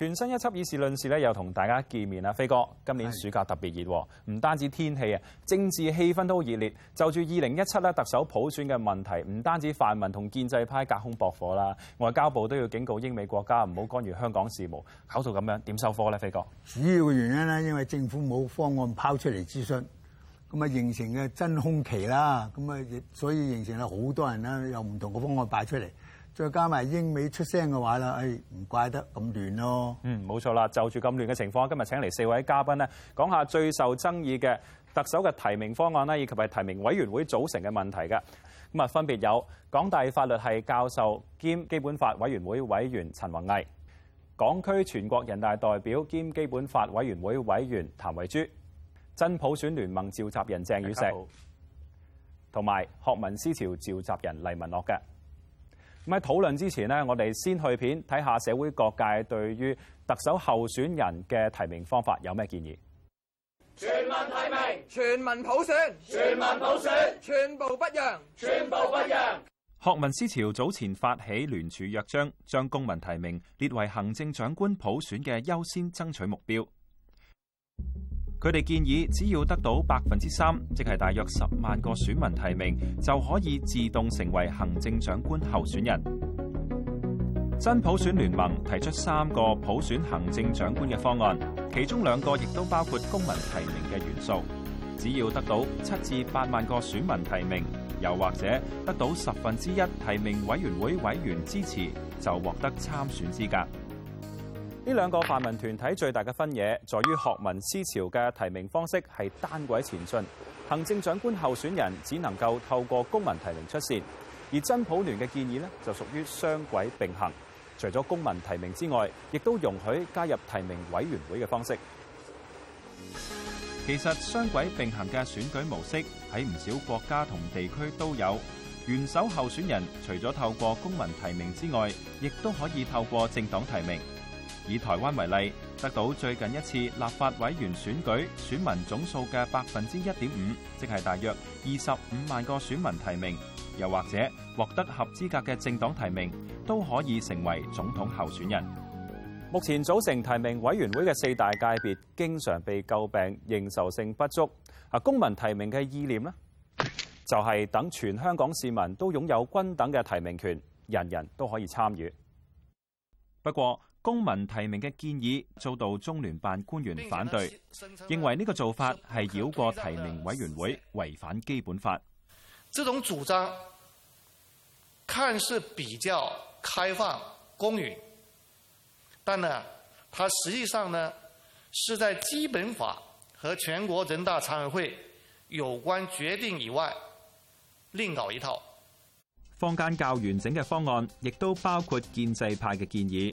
全新一輯議事論事咧，又同大家見面啦，飛哥。今年暑假特別熱，唔單止天氣啊，政治氣氛都熱烈。就住二零一七咧特首普選嘅問題，唔單止泛民同建制派隔空駁火啦，外交部都要警告英美國家唔好干預香港事務，搞到咁樣點收科呢？飛哥，主要嘅原因咧，因為政府冇方案拋出嚟諮詢，咁啊形成嘅真空期啦，咁啊亦所以形成咗好多人咧有唔同嘅方案擺出嚟。再加埋英美出聲嘅話啦，誒、哎、唔怪得咁亂咯。嗯，冇錯啦，就住咁亂嘅情況，今日請嚟四位嘉賓呢，講下最受爭議嘅特首嘅提名方案咧，以及係提名委員會組成嘅問題嘅。咁、嗯、啊，分別有港大法律系教授兼基本法委員會委員陳弘毅，港區全國人大代表兼基本法委員會委員譚惠珠，真普選聯盟召集人鄭宇碩，同埋學民思潮召集人黎文樂嘅。喺討論之前呢，我哋先去片睇下社會各界對於特首候選人嘅提名方法有咩建議。全民提名、全民普選、全民普選、全部不讓、全部不讓。學民思潮早前發起聯署約章，將公民提名列為行政長官普選嘅優先爭取目標。佢哋建議，只要得到百分之三，即係大約十萬個選民提名，就可以自動成為行政長官候選人。真普選聯盟提出三個普選行政長官嘅方案，其中兩個亦都包括公民提名嘅元素。只要得到七至八萬個選民提名，又或者得到十分之一提名委員會委員支持，就獲得參選資格。呢兩個泛民團體最大嘅分野，在於學民思潮嘅提名方式係單軌前進，行政長官候選人只能夠透過公民提名出線；而真普聯嘅建議呢，就屬於雙軌並行，除咗公民提名之外，亦都容許加入提名委員會嘅方式。其實雙軌並行嘅選舉模式喺唔少國家同地區都有，元首候選人除咗透過公民提名之外，亦都可以透過政黨提名。以台灣為例，得到最近一次立法委員選舉選民總數嘅百分之一點五，即係大約二十五萬個選民提名，又或者獲得合資格嘅政黨提名，都可以成為總統候選人。目前組成提名委員會嘅四大界別，經常被詬病認受性不足。啊，公民提名嘅意念呢，就係、是、等全香港市民都擁有均等嘅提名權，人人都可以參與。不過，公民提名嘅建議遭到中聯辦官員反對，認為呢個做法係繞過提名委員會，違反基本法。這種主張看似比較開放、公允，但呢，它實際上呢是在基本法和全國人大常委會有關決定以外另搞一套。坊間較完整嘅方案，亦都包括建制派嘅建議。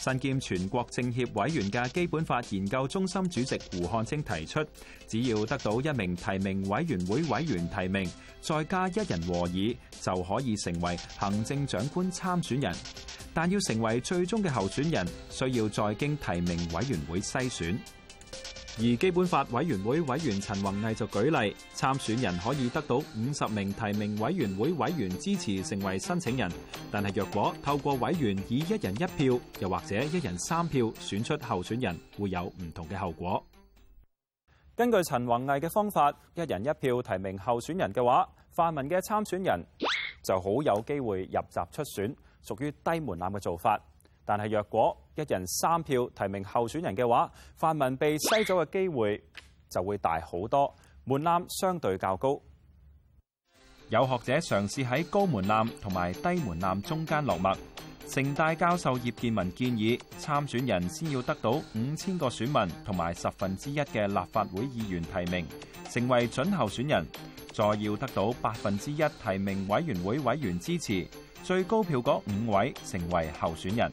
身兼全國政協委員嘅基本法研究中心主席胡漢清提出，只要得到一名提名委員會委員提名，再加一人和議，就可以成為行政長官參選人。但要成為最終嘅候選人，需要再經提名委員會篩選。而基本法委員會委員陳弘毅就舉例，參選人可以得到五十名提名委員會委員支持成為申請人，但係若果透過委員以一人一票，又或者一人三票選出候選人，會有唔同嘅後果。根據陳弘毅嘅方法，一人一票提名候選人嘅話，泛民嘅參選人就好有機會入閘出選，屬於低門檻嘅做法。但係，若果一人三票提名候選人嘅話，泛民被篩走嘅機會就會大好多，門檻相對較高。有學者嘗試喺高門檻同埋低門檻中間落墨。城大教授葉建文建議，參選人先要得到五千個選民同埋十分之一嘅立法會議員提名，成為準候選人，再要得到百分之一提名委員會委員支持，最高票嗰五位成為候選人。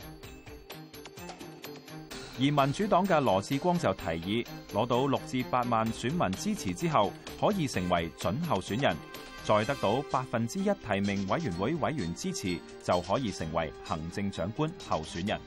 而民主黨嘅羅致光就提議，攞到六至八萬選民支持之後，可以成為準候選人；再得到百分之一提名委員會委員支持，就可以成為行政長官候選人。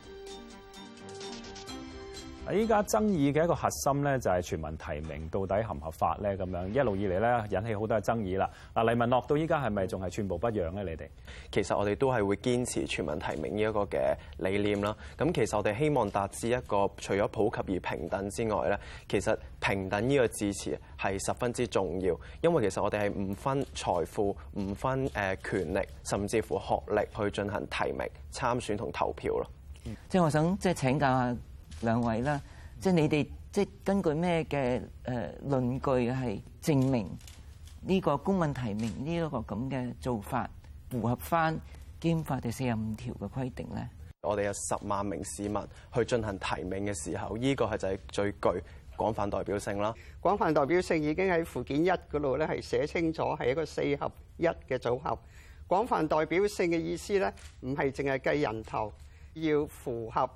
依家爭議嘅一個核心咧，就係全民提名到底合唔合法咧？咁樣一路以嚟咧，引起好多嘅爭議啦。嗱，黎文樂到依家係咪仲係寸步不讓咧？你哋其實我哋都係會堅持全民提名呢一個嘅理念啦。咁其實我哋希望達至一個除咗普及而平等之外咧，其實平等呢個字詞係十分之重要，因為其實我哋係唔分財富、唔分誒權力，甚至乎學歷去進行提名、參選同投票咯。即、嗯、係我想即係請教下。兩位啦，即係你哋，即係根據咩嘅誒論據係證明呢個公民提名呢一個咁嘅做法符合返《基本法》第四十五條嘅規定咧？我哋有十萬名市民去進行提名嘅時候，呢個係就係最具廣泛代表性啦。廣泛代表性已經喺附件一嗰度咧，係寫清楚係一個四合一嘅組合。廣泛代表性嘅意思咧，唔係淨係計人頭，要符合。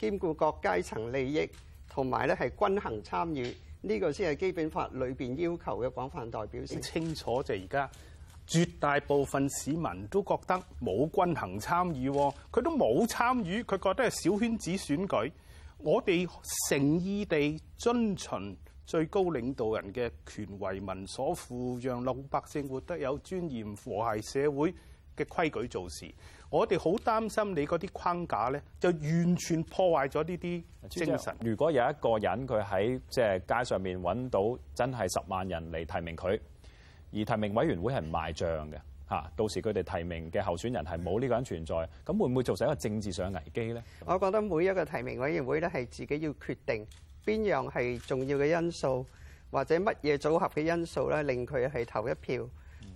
兼顧各階層利益，同埋咧係均衡參與，呢個先係基本法裏邊要求嘅廣泛代表性。清楚就而家絕大部分市民都覺得冇均衡參與，佢都冇參與，佢覺得係小圈子選舉。我哋誠意地遵循最高領導人嘅權為民所賦，讓老百姓活得有尊嚴，和諧社會，嘅規矩做事，我哋好擔心你嗰啲框架咧，就完全破壞咗呢啲精神。如果有一個人佢喺即係街上面揾到真係十萬人嚟提名佢，而提名委員會係唔賣帳嘅嚇，到時佢哋提名嘅候選人係冇呢個人存在，咁會唔會造成一個政治上嘅危機咧？我覺得每一個提名委員會咧，係自己要決定邊樣係重要嘅因素，或者乜嘢組合嘅因素咧，令佢係投一票。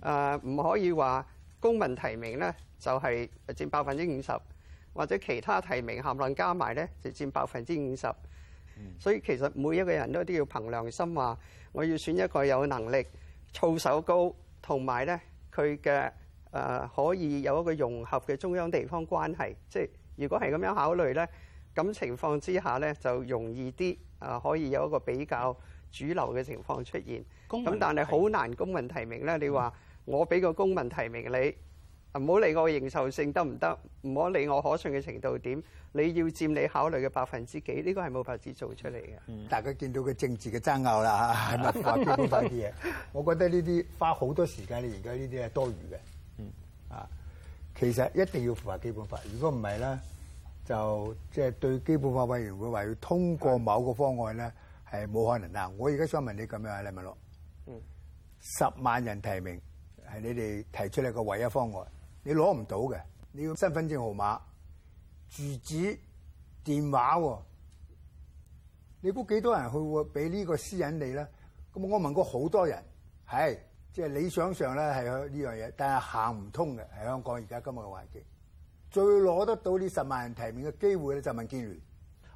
誒，唔可以話。公民提名咧就係佔百分之五十，或者其他提名合論加埋咧就佔百分之五十。所以其實每一個人都都要憑良心話，我要選一個有能力、操守高，同埋咧佢嘅誒可以有一個融合嘅中央地方關係。即係如果係咁樣考慮咧，咁情況之下咧就容易啲啊，可以有一個比較主流嘅情況出現。咁但係好難公民提名咧，你話？我俾個公民提名你，唔好理我認受性得唔得，唔好理我可信嘅程度點，你要佔你考慮嘅百分之幾？呢個係冇法子做出嚟嘅、嗯嗯。大家見到個政治嘅爭拗啦，係、嗯、咪？嗯、話基本法啲嘢、嗯嗯，我覺得呢啲花好多時間。你而家呢啲係多餘嘅。嗯。啊，其實一定要符合基本法。如果唔係咧，就即係、就是、對基本法委員會話要通過某個方案咧，係、嗯、冇可能。嗱，我而家想問你咁樣啊，李文樂、嗯，十萬人提名。係你哋提出嚟嘅唯一方案，你攞唔到嘅，你要身份證號碼、住址、電話喎、哦，你估幾多人去會俾呢個私隱你咧？咁我問過好多人，係即係理想上咧係有呢樣嘢，但係行唔通嘅，喺香港而家今日嘅環境，最攞得到呢十萬人提名嘅機會咧，就民建聯。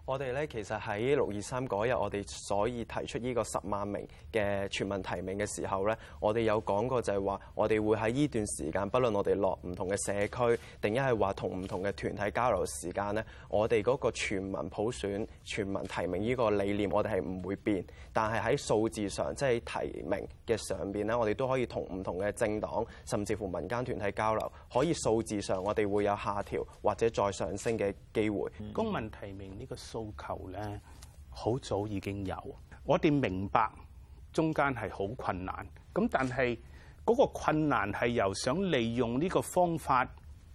我哋咧其實喺六二三嗰日，我哋所以提出呢個十萬名嘅全民提名嘅時候咧，我哋有講過就係話我哋會喺呢段時間不論我哋落唔同嘅社區定一係話同唔同嘅團體交流時間咧，我哋嗰個全民普選全民提名呢個理念，我哋係唔會變。但係喺數字上，即係提名嘅上邊咧，我哋都可以同唔同嘅政黨甚至乎民間團體交流，可以數字上我哋會有下調或者再上升嘅機會。公民提名呢個數。訴求咧，好早已經有。我哋明白中間係好困難，咁但係嗰個困難係由想利用呢個方法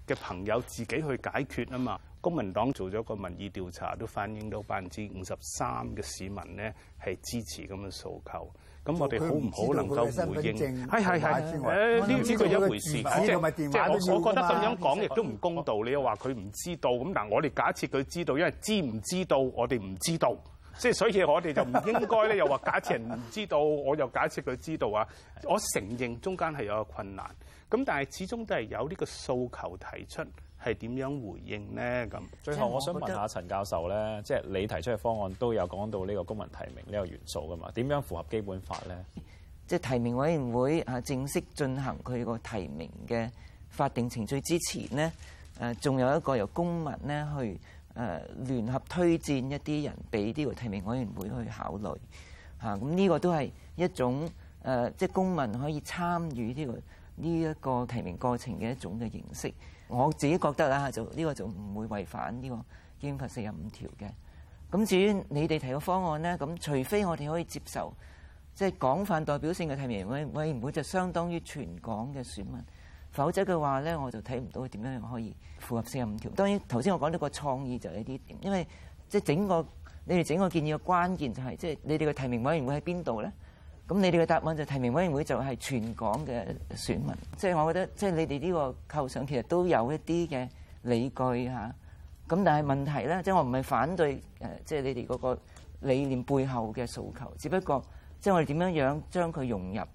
嘅朋友自己去解決啊嘛。公民黨做咗個民意調查，都反映到百分之五十三嘅市民咧係支持咁嘅訴求。咁、嗯、我哋好唔好能夠回應。係係係，誒呢個係一回事。即係我我覺得咁樣講亦都唔公道。你又話佢唔知道，咁嗱我哋假設佢知道，因為知唔知道我哋唔知道。即係所以，我哋就唔應該咧，又話假設人唔知道，我又假設佢知道啊。我承認中間係有個困難，咁但係始終都係有呢個訴求提出，係點樣回應呢？咁最後我想問下陳教授咧，即係你提出嘅方案都有講到呢個公民提名呢個元素噶嘛？點樣符合基本法咧？即係提名委員會啊，正式進行佢個提名嘅法定程序之前咧，誒仲有一個由公民咧去誒聯合推薦一啲人俾呢個提名委員會去考慮嚇。咁呢個都係一種誒，即係公民可以參與呢個呢一個提名過程嘅一種嘅形式。我自己覺得啦，就、這、呢個就唔會違反呢個基本法四十五條嘅。咁至於你哋提個方案咧，咁除非我哋可以接受即係廣泛代表性嘅提名委委員會，就相當於全港嘅選民，否則嘅話咧，我就睇唔到佢點樣可以符合四十五條。當然頭先我講呢個創意就係啲點，因為即係整個你哋整個建議嘅關鍵就係即係你哋嘅提名委員會喺邊度咧。咁你哋嘅答案就提名委員會就係全港嘅選民，即、嗯、係我覺得，即係你哋呢個構想其實都有一啲嘅理據吓，咁但係問題咧，即、就、係、是、我唔係反對誒即係你哋嗰個理念背後嘅訴求，只不過即係我哋點樣樣將佢融入呢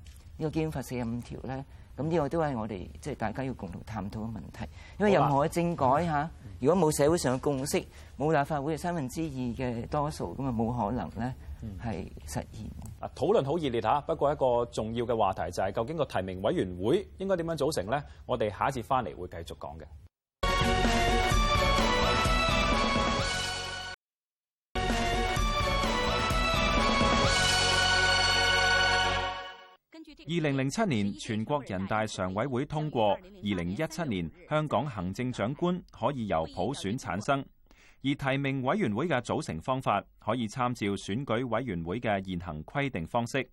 個《基本法》四十五條咧，咁呢個都係我哋即係大家要共同探討嘅問題，因為任何嘅政改吓，嗯、如果冇社會上嘅共識，冇立法會嘅三分之二嘅多數，咁啊，就冇可能咧。係實現。啊，討論好熱烈嚇，不過一個重要嘅話題就係究竟個提名委員會應該點樣組成呢？我哋下一節翻嚟會繼續講嘅。二零零七年全國人大常委會通過，二零一七年香港行政長官可以由普選產生。而提名委員會嘅組成方法可以參照選舉委員會嘅現行規定方式。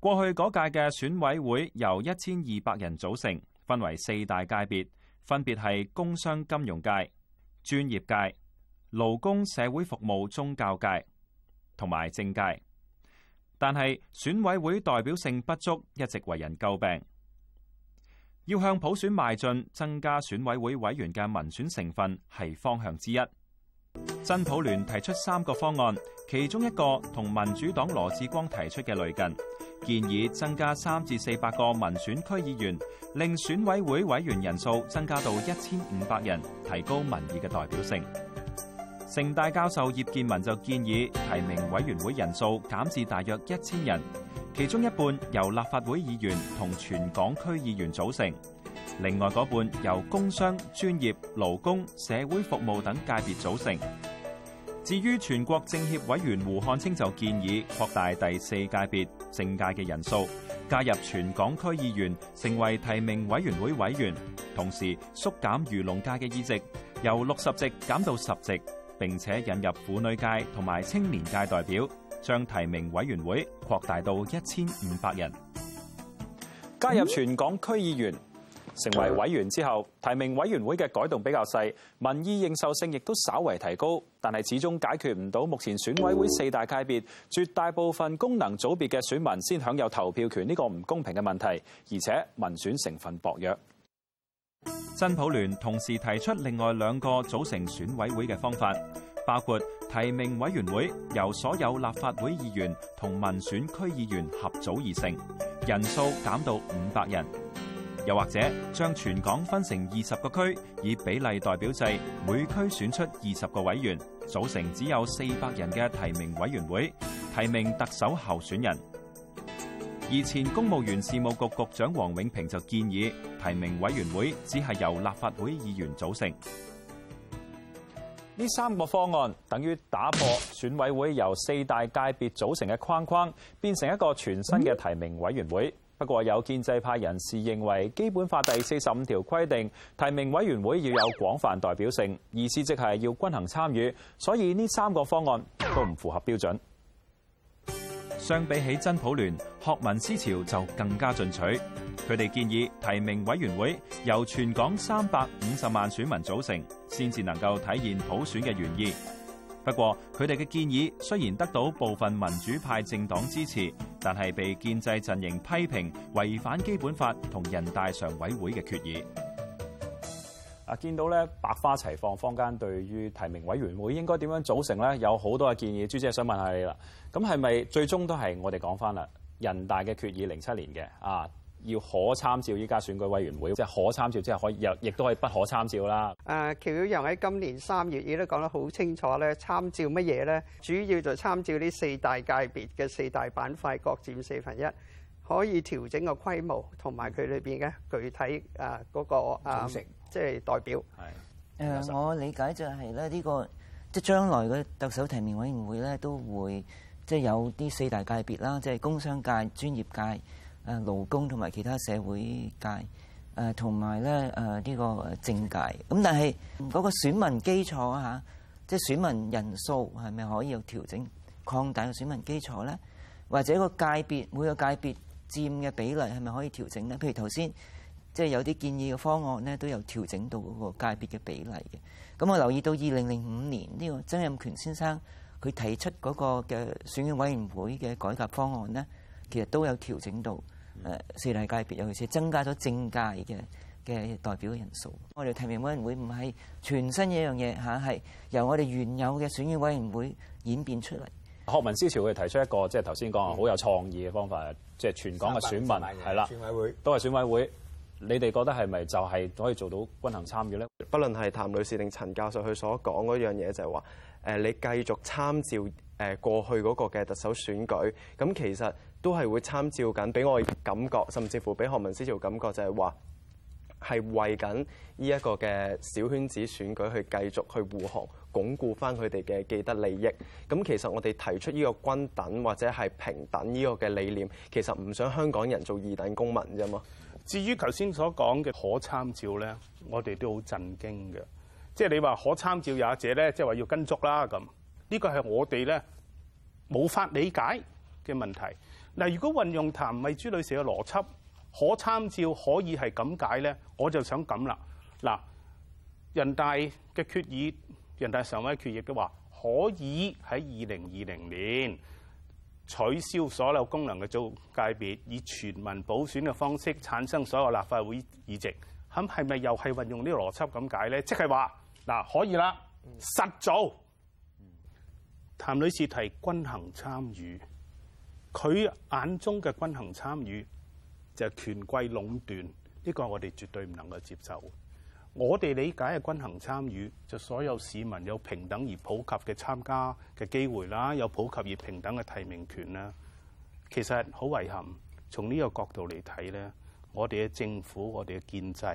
過去嗰屆嘅選委會由一千二百人組成，分為四大界別，分別係工商金融界、專業界、勞工社會服務宗教界同埋政界。但係選委會代表性不足，一直為人詬病。要向普選邁進，增加選委會委員嘅民選成分係方向之一。真普聯提出三個方案，其中一個同民主黨羅致光提出嘅類近，建議增加三至四百個民選區議員，令選委會委員人數增加到一千五百人，提高民意嘅代表性。城大教授葉建文就建議提名委員會人數減至大約一千人。其中一半由立法會議員同全港區議員組成，另外嗰半由工商、專業、勞工、社會服務等界別組成。至於全國政協委員胡漢清就建議擴大第四界別政界嘅人數，加入全港區議員成為提名委員會委員，同時縮減漁農界嘅議席，由六十席減到十席，並且引入婦女界同埋青年界代表。將提名委員會擴大到一千五百人，加入全港區議員成為委員之後，提名委員會嘅改動比較細，民意認受性亦都稍為提高，但係始終解決唔到目前選委會四大界別絕大部分功能組別嘅選民先享有投票權呢個唔公平嘅問題，而且民選成分薄弱。真普聯同時提出另外兩個組成選委會嘅方法。包括提名委員會由所有立法會議員同民選區議員合組而成，人數減到五百人；又或者將全港分成二十個區，以比例代表制每區選出二十個委員，組成只有四百人嘅提名委員會，提名特首候選人。而前公務員事務局局，局長王永平就建議，提名委員會只係由立法會議員組成。呢三個方案等於打破選委會由四大界別組成嘅框框，變成一個全新嘅提名委員會。不過有建制派人士認為，《基本法》第四十五條規定提名委員會要有廣泛代表性，意思即係要均衡參與，所以呢三個方案都唔符合標準。相比起真普聯，學民思潮就更加進取。佢哋建議提名委員會由全港三百五十萬選民組成，先至能夠體現普選嘅原意。不過，佢哋嘅建議雖然得到部分民主派政黨支持，但係被建制陣營批評違反基本法同人大常委會嘅決議。啊！見到咧，百花齊放，坊間對於提名委員會應該點樣組成咧，有好多嘅建議。朱姐想問下你啦。咁係咪最終都係我哋講翻啦？人大嘅決議零七年嘅啊，要可參照依家選舉委員會，即係可參照之，之後可以又亦都可以不可參照啦。誒、啊，喬曉陽喺今年三月亦都講得好清楚咧，參照乜嘢咧？主要就參照呢四大界別嘅四大板塊，各佔四分一，可以調整個規模同埋佢裏邊嘅具體誒嗰個啊。那個啊即係代表。誒，我理解就係咧，呢個即係將來嘅特首提名委員會咧，都會即係有啲四大界別啦，即係工商界、專業界、誒勞工同埋其他社會界，誒同埋咧誒呢個政界。咁但係嗰個選民基礎嚇，即係選民人數係咪可以有調整擴大個選民基礎咧？或者個界別每個界別佔嘅比例係咪可以調整咧？譬如頭先。即係有啲建議嘅方案咧，都有調整到嗰個界別嘅比例嘅。咁我留意到二零零五年呢個曾蔭權先生佢提出嗰個嘅選舉委員會嘅改革方案咧，其實都有調整到誒四大界別，尤其是增加咗政界嘅嘅代表嘅人數。我哋提名委員會唔係全新一樣嘢，吓，係由我哋原有嘅選舉委員會演變出嚟。學民思潮佢提出一個即係頭先講好有創意嘅方法，即係全港嘅選民係啦，選委會都係選委會。你哋覺得係咪就係可以做到均衡參與咧？不論係譚女士定陳教授說的，佢所講嗰樣嘢就係話誒，你繼續參照誒過去嗰個嘅特首選舉，咁其實都係會參照緊。俾我的感覺，甚至乎俾學民思潮感覺就係話係為緊呢一個嘅小圈子選舉去繼續去護航，鞏固翻佢哋嘅既得利益。咁其實我哋提出呢個均等或者係平等呢個嘅理念，其實唔想香港人做二等公民啫嘛。至於頭先所講嘅可參照咧，我哋都好震驚嘅。即係你話可參照也者咧，即係話要跟足啦咁。這個、呢個係我哋咧冇法理解嘅問題。嗱，如果運用譚慧珠女士嘅邏輯，可參照可以係咁解咧，我就想咁啦。嗱，人大嘅決議，人大常委決議嘅話可以喺二零二零年。取消所有功能嘅組界別，以全民補選嘅方式產生所有立法會議席，咁係咪又係運用這個呢個邏輯咁解咧？即係話，嗱，可以啦，實做。譚女士提均衡參與，佢眼中嘅均衡參與就係權貴壟斷，呢個我哋絕對唔能夠接受。我哋理解嘅均衡參與，就所有市民有平等而普及嘅參加嘅機會啦，有普及而平等嘅提名權啦。其實好遺憾，從呢個角度嚟睇咧，我哋嘅政府、我哋嘅建制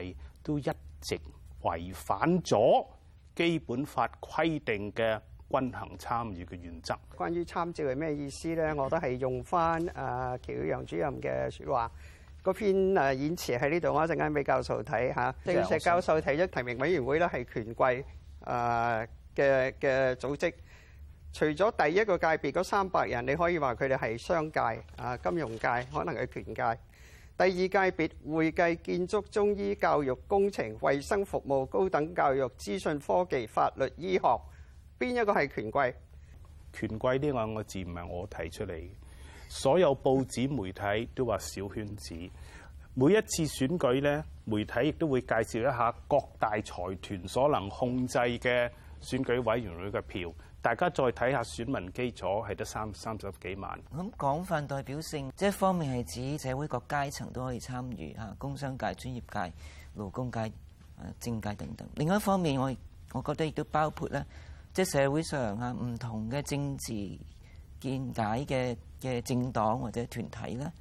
都一直違反咗基本法規定嘅均衡參與嘅原則。關於參照係咩意思咧？我都係用返誒喬宇陽主任嘅説話。個篇誒演辭喺呢度，我一陣間俾教授睇吓。正石教授睇咗提名委員會咧，係權貴誒嘅嘅組織，除咗第一個界別嗰三百人，你可以話佢哋係商界、啊金融界，可能係權界。第二界別會計、建築、中醫教育、工程、衛生服務、高等教育、資訊科技、法律、醫學，邊一個係權貴？權貴呢兩個字唔係我提出嚟。所有報紙媒體都話小圈子。每一次選舉咧，媒體亦都會介紹一下各大財團所能控制嘅選舉委員會嘅票。大家再睇下選民基礎係得三三十幾萬，咁廣泛代表性，即一方面係指社會各階層都可以參與啊工商界、專業界、勞工界、啊政界等等。另一方面，我我覺得亦都包括咧，即社會上啊唔同嘅政治見解嘅嘅政黨或者團體咧，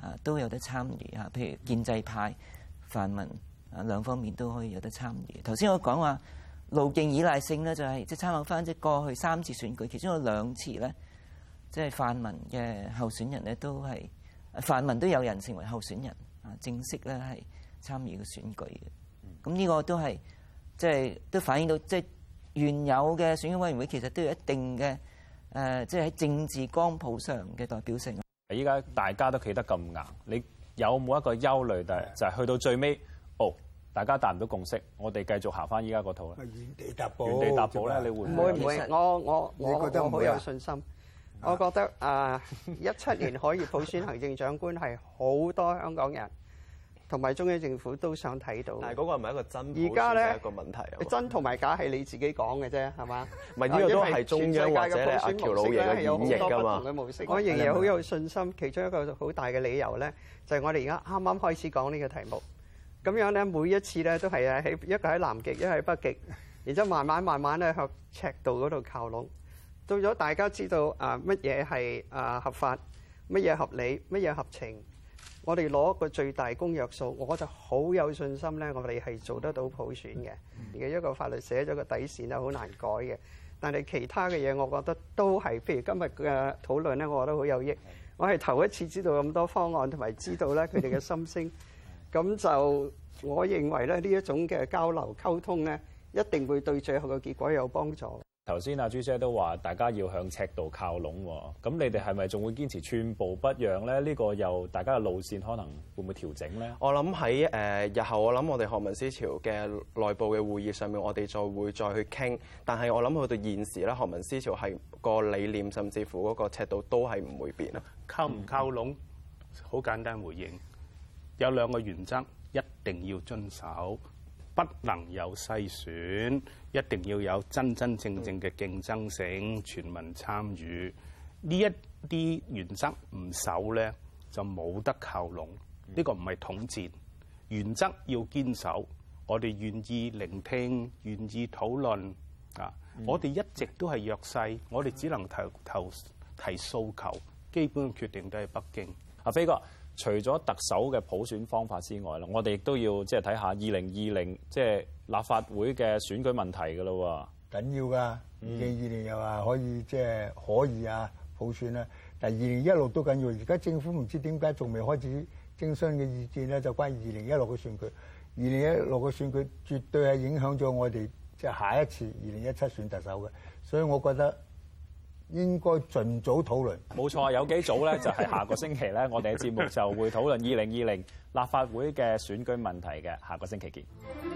啊都有得參與啊，譬如建制派、泛民啊兩方面都可以有得參與。頭先我講話路徑依賴性咧、就是，就係即係參考翻即係過去三次選舉，其中有兩次咧，即係泛民嘅候選人咧都係泛民都有人成為候選人啊，正式咧係參與嘅選舉嘅。咁呢個都係即係都反映到即係、就是、原有嘅選舉委員會其實都有一定嘅。呃、即係喺政治光譜上嘅代表性。依家大家都企得咁硬，你有冇一個憂慮？係就係、係、就去到最尾，哦，大家達唔到共識，我哋繼續行翻依家個套喇，原地踏步，原地踏步咧，你會唔會，會？唔會我我我覺得好、啊、有信心。啊、我覺得啊，一、呃、七年可以普選行政長官係好多香港人。同埋中央政府都想睇到。但，嗰個唔係一個真？而家咧一個問題，真同埋假係你自己講嘅啫，係嘛？唔係呢個都係中央或者阿條佬嘢嘅演繹㗎嘛。我仍然好有信心，其中一個好大嘅理由咧，就係我哋而家啱啱開始講呢個題目。咁樣咧，每一次咧都係啊，喺一個喺南極，一個喺北極，然之後慢慢慢慢咧向赤道嗰度靠攏。到咗大家知道啊，乜嘢係啊合法，乜嘢合理，乜嘢合情。我哋攞個最大公約數，我就好有信心咧。我哋係做得到普選嘅而嘅一個法律寫咗個底線啊，好難改嘅。但係其他嘅嘢，我覺得都係。譬如今日嘅討論咧，我覺得好有益。我係頭一次知道咁多方案，同埋知道咧佢哋嘅心聲。咁 就我認為咧，呢一種嘅交流溝通咧，一定會對最後嘅結果有幫助。頭先阿朱姐都話大家要向尺度靠攏，咁你哋係咪仲會堅持寸步不讓咧？呢個又大家嘅路線可能會唔會調整咧？我諗喺誒日後，我諗我哋學民思潮嘅內部嘅會議上面，我哋再會再去傾。但係我諗去到現時咧，學民思潮係個理念，甚至乎嗰個尺度都係唔會變啊。靠唔靠攏？好、嗯、簡單回應，有兩個原則一定要遵守。不能有篩選，一定要有真真正正嘅競爭性，全民參與，呢一啲原則唔守咧，就冇得靠攏，呢、這個唔係統治原則要堅守。我哋願意聆聽，願意討論啊，嗯、我哋一直都係弱勢，我哋只能投投提訴求。基本決定都係北京。阿飛哥。除咗特首嘅普選方法之外啦，我哋亦都要看看 2020, 即係睇下二零二零即係立法會嘅選舉問題噶咯喎。緊要㗎，二零二零又話可以即係、就是、可以啊普選啊，但係二零一六都緊要。而家政府唔知點解仲未開始徵詢嘅意見咧，就關二零一六嘅選舉。二零一六嘅選舉絕對係影響咗我哋即係下一次二零一七選特首嘅，所以我覺得應該盡早討論。冇錯，有幾早呢就係、是、下個星期呢，我哋嘅節目就會討論二零二零立法會嘅選舉問題嘅。下個星期見。